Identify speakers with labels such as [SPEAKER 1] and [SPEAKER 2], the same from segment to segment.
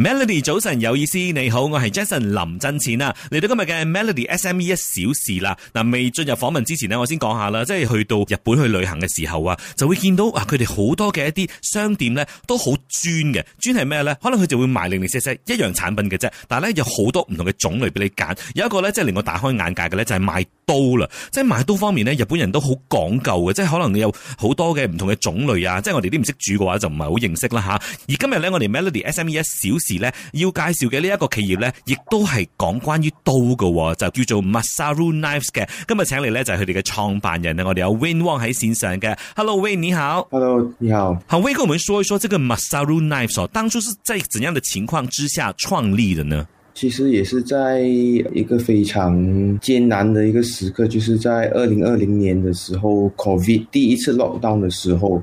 [SPEAKER 1] Melody 早晨有意思，你好，我係 Jason 林振錢啊，嚟到今日嘅 Melody SME 一小時啦。嗱，未進入訪問之前咧，我先講下啦，即係去到日本去旅行嘅時候啊，就會見到啊，佢哋好多嘅一啲商店咧都好專嘅，專係咩咧？可能佢就會賣零零舍舍一樣產品嘅啫，但係呢，有好多唔同嘅種類俾你揀。有一個呢，即係令我大開眼界嘅呢，就係、是、賣刀啦。即係賣刀方面呢，日本人都好講究嘅，即係可能你有好多嘅唔同嘅種類啊。即係我哋啲唔識煮嘅話，就唔係好認識啦吓、啊。而今日呢，我哋 Melody SME 一小時。事咧，要介紹嘅呢一個企業咧，亦都係講關於刀嘅，就叫做 Masaru Knives 嘅。今日請嚟咧就係佢哋嘅創辦人啊，我哋有 w i n Wong 喺現場嘅。Hello w i n 你好。Hello，你好。好 w a n 跟我們說一說，這個 Masaru Knives 哦，當初是在怎樣嘅情況之下創立嘅呢？
[SPEAKER 2] 其實也是在一個非常艱難嘅一個時刻，就是在二零二零年嘅時候，COVID 第一次 lockdown 嘅時候。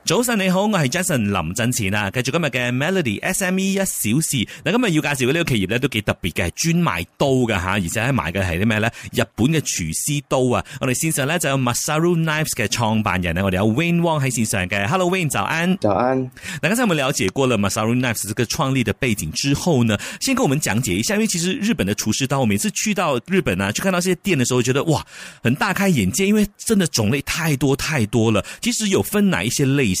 [SPEAKER 1] 早晨你好，我係 Jason 林振前啊。繼續今日嘅 Melody SME 一小時。嗱，今日要介紹嘅呢個企業咧都幾特別嘅，係專賣刀嘅吓，而且喺賣嘅係啲咩咧？日本嘅廚師刀啊！我哋線上咧就有 Masaru Knives 嘅創辦人呢。我哋有 Wayne Wong 喺線上嘅。Hello Wayne，早安早安。嗱安，剛才我們了解過了 Masaru Knives 這個創立的背景之後呢，先跟我們講解一下，因為其實日本嘅廚師刀，我每次去到日本啊，去看到一些店嘅時候，覺得哇，很大開眼界，因為真的種類太多太多了。其實有分哪一些類型？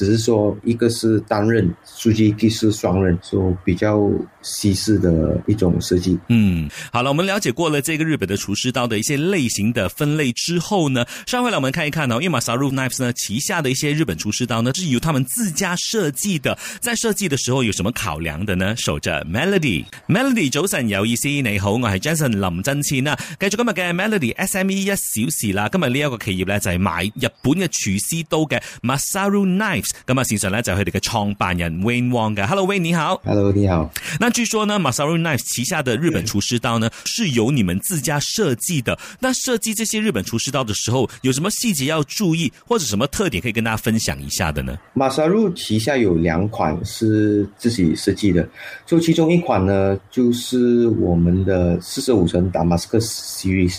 [SPEAKER 2] 只是說，一個是單刃，設計；，即是雙刃，就比較西式的一種設計。嗯，
[SPEAKER 1] 好了，我們了解過了這個日本的廚師刀的一些類型的分類之後呢，上回來我們看一看、哦、因為呢，Masaru knives 呢旗下的一些日本廚師刀呢，是由他們自家設計的，在設計的時候有什麼考量的呢？守着 melody，melody Mel 早晨有意思，你好，我係 jason 林真千啊，繼續今日嘅 melody SME 一小時啦，今日呢一個企業咧就係買日本嘅廚師刀嘅 Masaru knives。咁啊，先生咧就係你個創辦人 Wayne Wong 嘅。Hello Wayne，你好。
[SPEAKER 2] Hello，你好。
[SPEAKER 1] 那據說呢，Masaru Knife 旗下的日本廚師刀呢，對是由你們自家設計的。那設計這些日本廚師刀的時候，有什麼細節要注意，或者什麼特點可以跟大家分享一下的呢
[SPEAKER 2] ？Masaru 旗下有兩款是自己設計的，就其中一款呢，就是我們的四十五層打馬斯克 series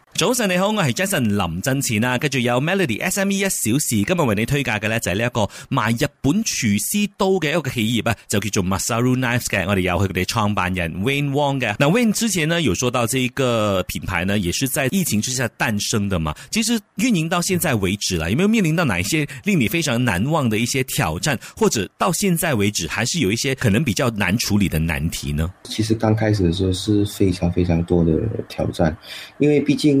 [SPEAKER 1] 早晨，你好，我是 Jason 林振前啊。跟住有 Melody S M E 一小時，今日為你推介嘅呢，就係呢一個賣日本廚師刀嘅一個企業啊，就叫做 Masaru Knife 嘅。我哋有佢哋創辦人 Wayne Wong 嘅。那 Wayne 之前呢有說到，呢一個品牌呢也是在疫情之下誕生嘅嘛。其實運營到現在為止啦，有冇面臨到哪一些令你非常難忘嘅一些挑戰，或者到現在為止
[SPEAKER 2] 還是有一些可能比較難處理嘅難題呢？其實剛開始嘅時候是非常非常多嘅挑戰，因為畢竟。